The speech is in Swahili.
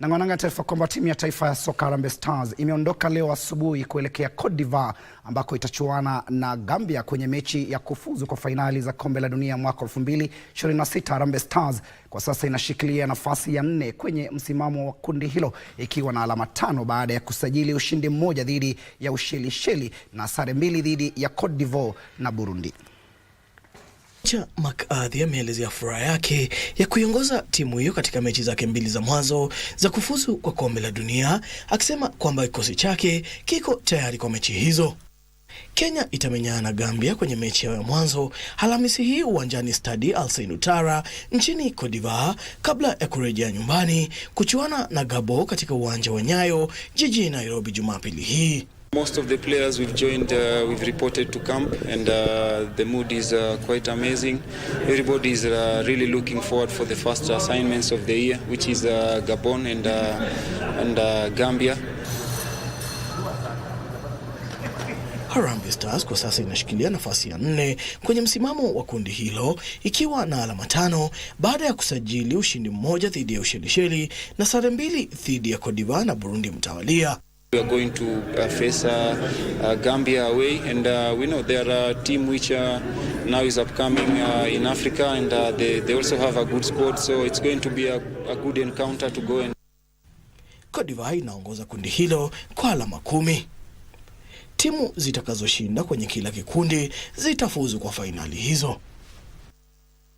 Na ngwananga taarifa kwamba timu ya taifa ya soka Harambee Stars imeondoka leo asubuhi kuelekea Cote d'Ivoire ambako itachuana na Gambia kwenye mechi ya kufuzu kwa fainali za kombe la dunia mwaka 2026. Harambee Stars kwa sasa inashikilia nafasi ya nne kwenye msimamo wa kundi hilo ikiwa na alama tano baada ya kusajili ushindi mmoja dhidi ya Ushelisheli na sare mbili dhidi ya Cote d'Ivoire na Burundi. Cha McCarthy ameelezea ya furaha yake ya kuiongoza timu hiyo katika mechi zake mbili za mwanzo za kufuzu kwa kombe la dunia, akisema kwamba kikosi chake kiko tayari kwa mechi hizo. Kenya itamenyana na Gambia kwenye mechi yao ya mwanzo Alhamisi hii uwanjani Stadi Alsen Utara nchini Cote d'Ivoire kabla ya kurejea nyumbani kuchuana na Gabon katika uwanja wa Nyayo jijini Nairobi Jumapili hii. Most of the players we've joined, uh, we've reported to camp and uh, the mood is uh, quite amazing. Everybody is uh, really looking forward for the first assignments of the year, which is uh, Gabon and, uh, and uh, Gambia. Harambee Stars kwa sasa inashikilia nafasi ya nne kwenye msimamo wa kundi hilo ikiwa na alama tano baada ya kusajili ushindi mmoja dhidi ya Ushelisheli na sare mbili dhidi ya Kodiva na Burundi mtawalia. We are going to uh, face uh, uh, Gambia away and uh, we know there are a team which uh, now is upcoming uh, in Africa and uh, they, they also have a good squad so it's going to be a, a good encounter to go and Cote d'Ivoire inaongoza kundi hilo kwa alama kumi. Timu zitakazoshinda kwenye kila kikundi zitafuzu kwa fainali hizo.